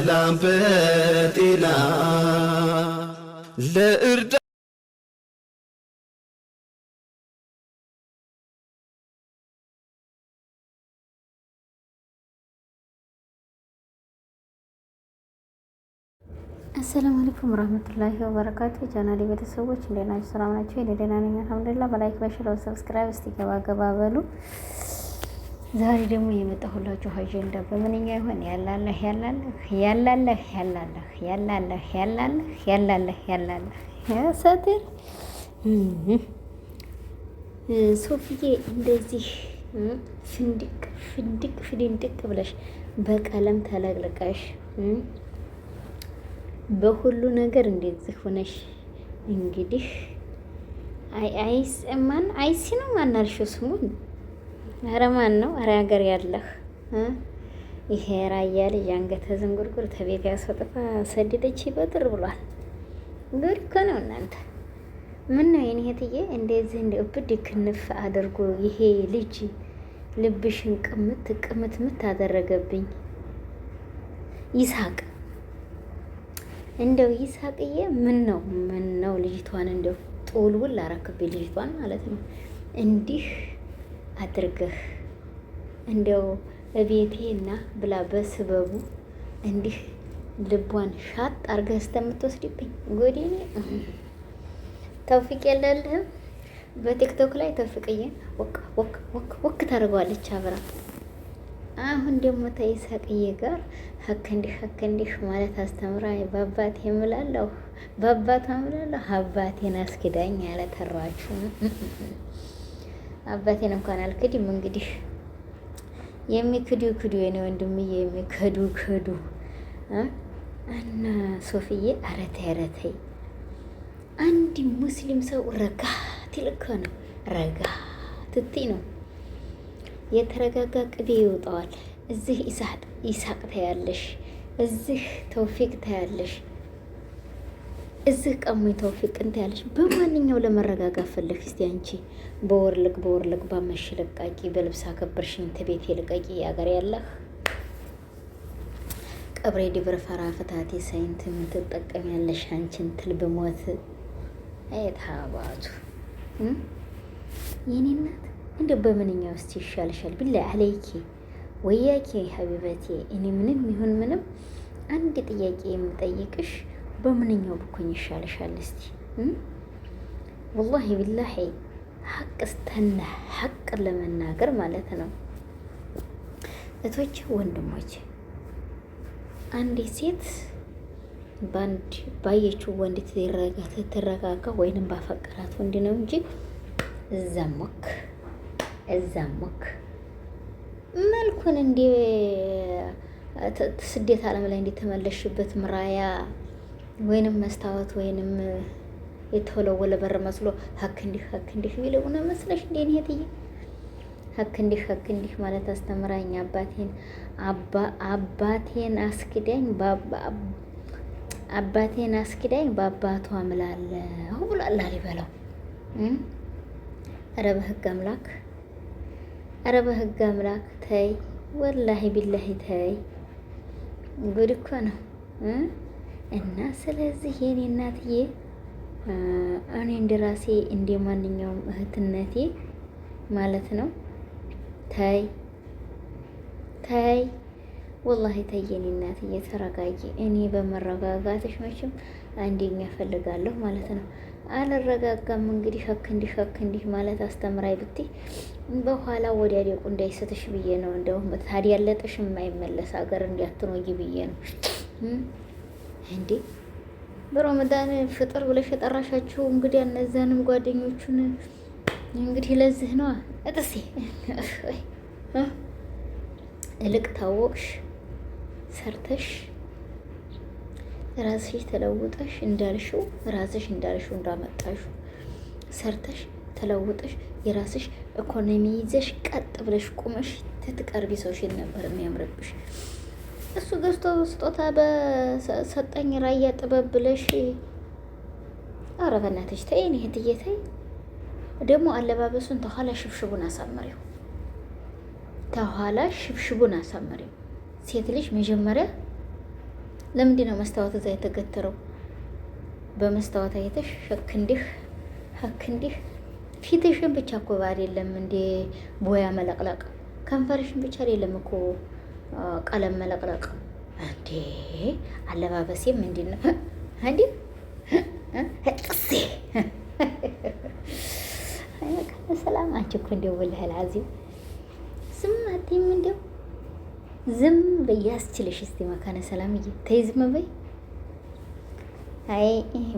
በሰላም በጤና ለእርዳ አሰላሙ አለይኩም ወራህመቱላሂ ወበረካቱ። ቻናል ቤተሰቦች እንደናችሁ ሰላም ናችሁ? እኔ ደህና ነኝ አልሐምዱሊላህ። በላይክ በሽለው ሰብስክራይብ እስቲ ገባ ገባ በሉ ዛሬ ደግሞ የመጣሁላችሁ አጀንዳ በምንኛ ይሆን? ያላለህ ያላለህ ያላለህ ያላለህ ያላለህ ያላለህ ያላለህ ያላለህ ያሰትር ሶፍዬ እንደዚህ ፍንድቅ ፍንድቅ ፍድንድቅ ብለሽ በቀለም ተለቅልቀሽ በሁሉ ነገር እንደዚህ ሆነሽ እንግዲህ አይስ ማን አይሲ ነው ማናልሽው ስሙን ኧረ ማን ነው? ኧረ ሀገር ያለህ ይሄ ራያ ልጅ አንገተ ዝንጉርጉር ተቤት ያስወጥፋ ሰደደች በጥር ብሏል። ጉድ እኮ ነው እናንተ። ምን ነው የኔ እህትዬ እንደዚህ እንደ እብድ ክንፍ አድርጎ ይሄ ልጅ ልብሽን ቅምት ቅምት ምት አደረገብኝ። ይሳቅ እንደው ይሳቅዬ፣ ምን ነው ምን ነው ልጅቷን እንደው ጡልውል አራክብኝ ልጅቷን ማለት ነው እንዲህ አድርገህ እንዲያው እቤቴና ብላ በስበቡ እንዲህ ልቧን ሻጥ አርገህ እስከምትወስድብኝ ጎዴኔ ተውፊቅ የለልህም። በቲክቶክ ላይ ተውፊቅዬን ወክ ወክ ወክ ወክ ታደርገዋለች አብራ። አሁን ደግሞ ተይሳቅዬ ጋር ሀክ እንዲህ ሀክ እንዲህ ማለት አስተምራ በአባቴ የምላለሁ በአባቷ እምላለሁ አባቴን አስኪዳኝ ያለ ተራችሁ አባቴን እንኳን አልክድም። እንግዲህ የሚክዱ ክዱ የኔ ወንድምዬ የሚክዱ ክዱ። እና ሶፍዬ አረተይ አረተይ አንድ ሙስሊም ሰው ረጋ ትልከ ነው ረጋ ትቲ ነው የተረጋጋ ቅቤ ይወጣዋል። እዚህ ኢሳቅ ታያለሽ፣ እዚህ ተውፊቅ ታያለሽ። እዚህ ቀሙኝ ተውፊቅ እንትን ያለች በማንኛው ለመረጋጋት ፈለግ እስቲ አንቺ በወርልቅ በወርልቅ ባመሽ ለቃቂ በልብስ አከበርሽኝ ተቤት የልቀቂ ያገር ያለህ ቀብሬ ድብር ፈራ ፍታቴ ሳይንት የምትጠቀም ያለሽ አንቺን ትል ብሞት አይታባቱ የኔ እናት እንደ በምንኛ ውስጥ ይሻልሻል ብላ አለይኪ ወያኪ ሀቢበቴ እኔ ምንም ይሁን ምንም አንድ ጥያቄ የምጠይቅሽ በምንኛው ብኮኝ ይሻልሻል? እስቲ ወላሂ ቢላሂ ሀቅ ስተና ሀቅ ለመናገር ማለት ነው። እቶች ወንድሞች፣ አንዲት ሴት በአንድ ባየችው ወንድ ትረጋጋ ወይንም ባፈቀራት ወንድ ነው እንጂ እዛ ሞክ እዛ ሞክ መልኩን እንዲ ስደት ዓለም ላይ እንዲተመለሽበት ምራያ ወይንም መስታወት ወይንም የተወለወለ በር መስሎ ሀክ እንዲህ ሀክ እንዲህ የሚለው ነው መስለሽ እንዴ ነው እህትዬ? ሀክ እንዲህ ሀክ እንዲህ ማለት አስተምራኝ አባቴን አባ አባቴን አስክዳኝ አባቴን አስክዳኝ በአባቷ እምላለሁ ብሏል ላሊበላው። ኧረ በህግ አምላክ፣ ኧረ በህግ አምላክ ተይ፣ ወላሂ ቢላሂ ተይ። ጉድ እኮ ነው። እና ስለዚህ የኔ እናትዬ እኔ እንደ እንደ ማንኛውም እህትነቴ ማለት ነው ታይ ታይ ወላሂ ተየኔ እናትዬ ተረጋጊ። እኔ በመረጋጋትሽ መቼም አንደኛ እፈልጋለሁ ማለት ነው። አልረጋጋም እንግዲህ ሸክ እንዲህ ሸክ እንዲህ ማለት አስተምራይ ብትይ በኋላ ወዲያ ዴቁ እንዳይሰጥሽ ብዬ ነው። እንደውም ታዲያ ለጥሽ የማይመለስ ሀገር እንዲያትኖይ ብዬ ነው። እንዴ በረመዳን ፍጥር ብለሽ የጠራሻቸው እንግዲህ እነዚያንም ጓደኞቹን እንግዲህ ለዚህ ነዋ። እጥሴ እልቅ ታወቅሽ፣ ሰርተሽ ራስሽ ተለውጠሽ እንዳልሽው ራስሽ እንዳልሽው እንዳመጣሽው ሰርተሽ ተለውጠሽ የራስሽ ኢኮኖሚ ይዘሽ ቀጥ ብለሽ ቁመሽ ትትቀርቢ ሰውሽን ነበር የሚያምርብሽ። እሱ ገዝቶ ስጦታ በሰጠኝ ራያ ጥበብ ብለሽ ኧረ በእናትሽ ተይን፣ እህትዬ ተይ። ደግሞ አለባበሱን ተኋላ ሽብሽቡን አሳምሪው፣ ተኋላ ሽብሽቡን አሳምሪው። ሴት ልጅ መጀመሪያ ለምንድን ነው መስታወት እዛ የተገተረው? በመስታወት አይተሽ ሸክ እንዲህ ሀክ እንዲህ ፊትሽን ብቻ እኮ አይደለም እንዴ ቦያ መለቅለቅ ከንፈርሽን ብቻ አይደለም እኮ ቀለም መለቅለቅ እንዴ አለባበሴም ምንድን ነው እንዴ ጥሴ ሰላም አንቺ እኮ እንደው ወልህል አዚም ዝም አትይም እንደው ዝም በያስችልሽ እስቲ መካነ ሰላምዬ ተይ ዝም በይ አይ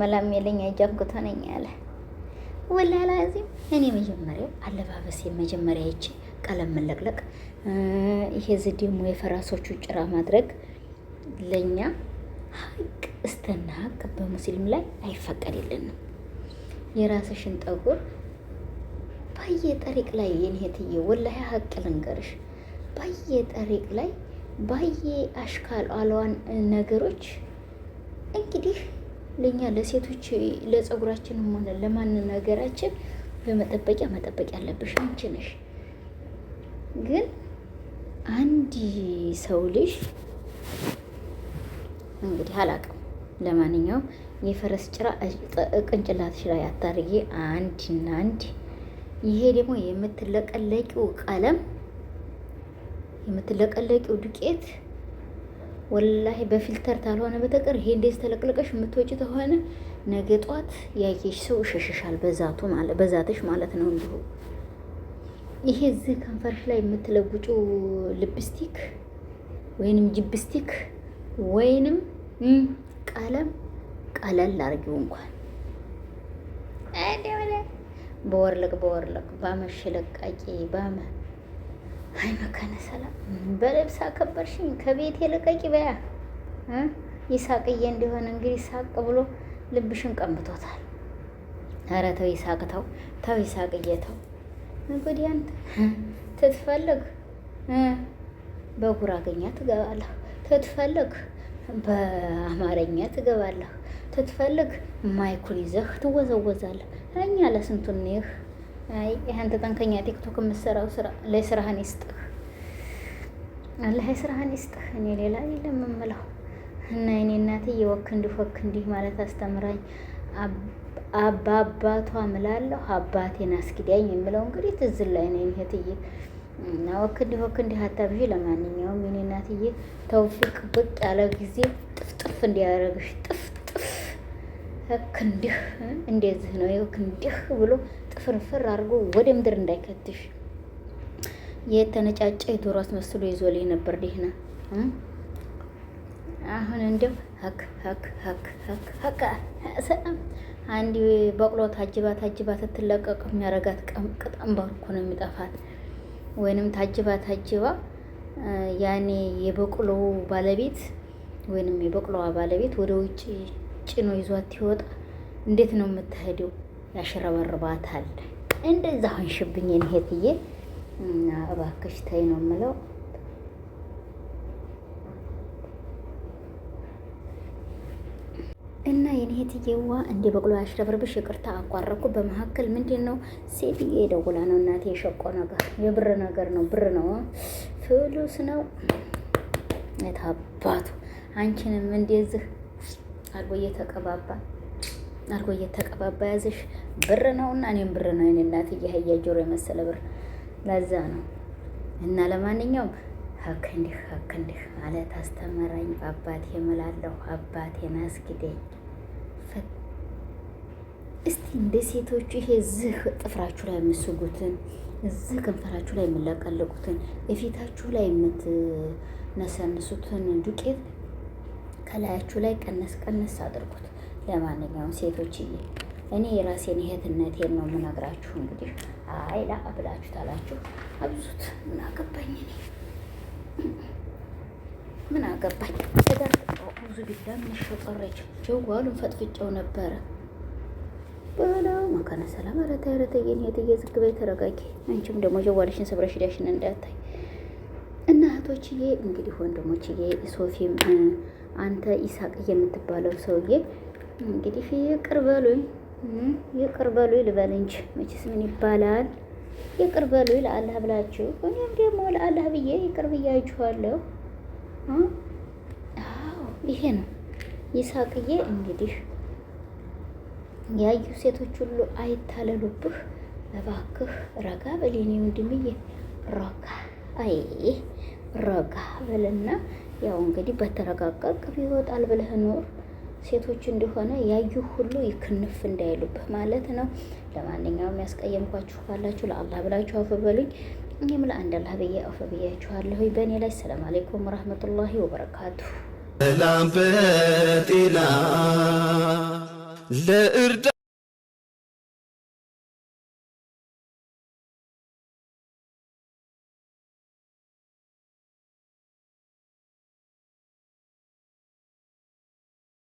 መላም የለኝ አጃንኩት ሆነኝ አለ ወልህል አዚም እኔ መጀመሪያው አለባበሴ መጀመሪያ ይቺ ቀለም መለቅለቅ ይሄ እዚህ ደግሞ የፈራሶቹ ጭራ ማድረግ ለእኛ ሀቅ እስተና ሀቅ በሙስሊም ላይ አይፈቀድልንም። የራስሽን ጠጉር በየጠሪቅ ላይ የኔትዬ ወላሂ ሀቅ ልንገርሽ፣ በየጠሪቅ ላይ ባየ አሽካል አለዋን ነገሮች እንግዲህ ለእኛ ለሴቶች ለጸጉራችንም ሆነ ለማን ነገራችን በመጠበቂያ መጠበቂያ አለብሽ አንቺ ነሽ ግን አንድ ሰው ልጅ እንግዲህ አላውቅም። ለማንኛውም የፈረስ ጭራ ቅንጭላትሽ ላይ አታርጊ፣ አንድና አንድ። ይሄ ደግሞ የምትለቀለቂው ቀለም የምትለቀለቂው ዱቄት ወላሂ በፊልተር ታልሆነ በተቀር ይሄ እንደዚህ ተለቅለቀሽ የምትወጪ ተሆነ ነገ ጧት ያየሽ ሰው ይሸሸሻል። በዛቱ በዛትሽ ማለት ነው እንዲሁ ይሄ እዚህ ከንፈርሽ ላይ የምትለጉጩ ልፕስቲክ ወይንም ጅብስቲክ ወይንም ቀለም ቀለል አድርጊው እንኳን በወርለቅ በወርለቅ ባመሽ ለቃቂ ባመ አይ መካነ ሰላም በልብስ አከበርሽኝ ከቤቴ ለቀቂ በያ ይሳቅዬ እንደሆነ እንግዲህ ሳቅ ብሎ ልብሽን ቀምቶታል። ኧረ ተው ይሳቅ ተው ተው ይሳቅዬ ተው እንግዲህ አንተ ትትፈልግ በጉራገኛ ትገባለህ፣ ትትፈልግ በአማርኛ ትገባለህ፣ ትትፈልግ ማይኩን ይዘህ ትወዘወዛለህ። እኛ ለስንቱን ይህ ይህን ተጠንከኛ ቲክቶክ የምትሰራው ስራ ለስራህን ይስጥህ፣ አላህ ስራህን ይስጥህ። እኔ ሌላ የለም የምለው እና እኔ እናቴ የወክ እንዲህ ወክ እንዲህ ማለት አስተምራኝ። አባባቷ እምላለሁ አባቴን አስኪዳኝ የምለው እንግዲህ ትዝ ላይ ነው ይሄትዬ እና ወክ እንዲህ ወክ እንዲህ አታብዢ። ለማንኛውም የኔ እናትዬ ተውፊቅ ብቅ ያለ ጊዜ ጥፍጥፍ እንዲያደርግሽ ጥፍጥፍ ህክ እንዲህ እንደዚህ ነው ይኸው እንዲህ ብሎ ጥፍርፍር አድርጎ ወደ ምድር እንዳይከትሽ የተነጫጨ የዶሮ አስመስሎ ይዞልኝ ነበር ደህና አሁን እንደው ሀክ ሀክ ሀክ ሀክ ሀክ አንድ በቅሎ ታጅባ ታጅባ ስትለቀቅ የሚያረጋት ቅጠም ባርኮ ነው የሚጠፋት። ወይንም ታጅባ ታጅባ ያኔ የበቅሎ ባለቤት ወይንም የበቅሎዋ ባለቤት ወደ ውጭ ጭኖ ይዟት ይወጣ። እንዴት ነው የምትሄደው? ያሽረበርባታል። እንደዛ ሆንሽብኝ እህትዬ፣ እባክሽ ተይ ነው የምለው። የኔ እህትዬዋ እንደ በቅሎ ያሽረብርብሽ። ይቅርታ አቋረኩ በመካከል። ምንድን ነው ሴትዬ ደውላ ነው እናቴ። የሸቆ ነገር የብር ነገር ነው። ብር ነው፣ ፍሉስ ነው። የታባቱ አንቺንም እንደዚህ አልጎ እየተቀባባ አልጎ እየተቀባባ ያዘሽ። ብር ነው እና እኔም ብር ነው የኔ እናትዬ። አህያ ጆሮ የመሰለ ብር ለዛ ነው እና ለማንኛውም ሀክ እንዲህ ሀክ እንዲህ ማለት አስተምረኝ አባቴ እምላለሁ። አባቴን አስጊደኝ። እስቲ እንደ ሴቶቹ ይሄ ዝህ ጥፍራችሁ ላይ የምስጉትን እዚህ ከንፈራችሁ ላይ የምለቀልቁትን የፊታችሁ ላይ የምትነሰንሱትን ዱቄት ከላያችሁ ላይ ቀነስ ቀነስ አድርጉት። ለማንኛውም ሴቶችዬ እኔ የራሴን እህትነቴን ነው የምነግራችሁ። እንግዲህ አይ ላ ብላችሁ ታላችሁ አብዙት። ምን አገባኝ እኔ ምን አገባኝ። ብዙ ቢላ ምን ጀዋሉን ፈጥፍጨው ነበረ በላው መካነ ሰላም አረታ ያረተየን የትዬ ዝግ በይ ተረጋጊ። አንቺም ደግሞ ጀዋልሽን ሰብረሽ ዳሽን እንዳታይ እና እህቶችዬ፣ እንግዲህ ወንድሞችዬ፣ ሶፊም አንተ ኢሳቅ የምትባለው ሰውዬ እንግዲህ ይቅር በሉኝ ይቅር በሉኝ ልበል እንጂ መቼስ ምን ይባላል። ይቅር በሉኝ ለአላህ ብላችሁ፣ እኔም ደግሞ ለአላህ ብዬ ይቅር ብያችኋለሁ። አዎ ይሄ ነው ይሳቅዬ እንግዲህ ያዩ ሴቶች ሁሉ አይታለሉብህ እባክህ ረጋ በል የኔ ወንድምዬ ረጋ አይ ረጋ በልና ያው እንግዲህ በተረጋጋ ቅብ ይወጣል ብለህ ኖር ሴቶች እንደሆነ ያዩ ሁሉ ይክንፍ እንዳይሉብህ ማለት ነው። ለማንኛውም ያስቀየምኳችሁ ካላችሁ ለአላህ ብላችሁ አፈበሉኝ። በሉኝ። እኔም ለአንድ አላህ ብዬ አፍ በእኔ ላይ ሰላም አለይኩም ረህመቱላሂ ወበረካቱ። ሰላም በጤና ለእርዳ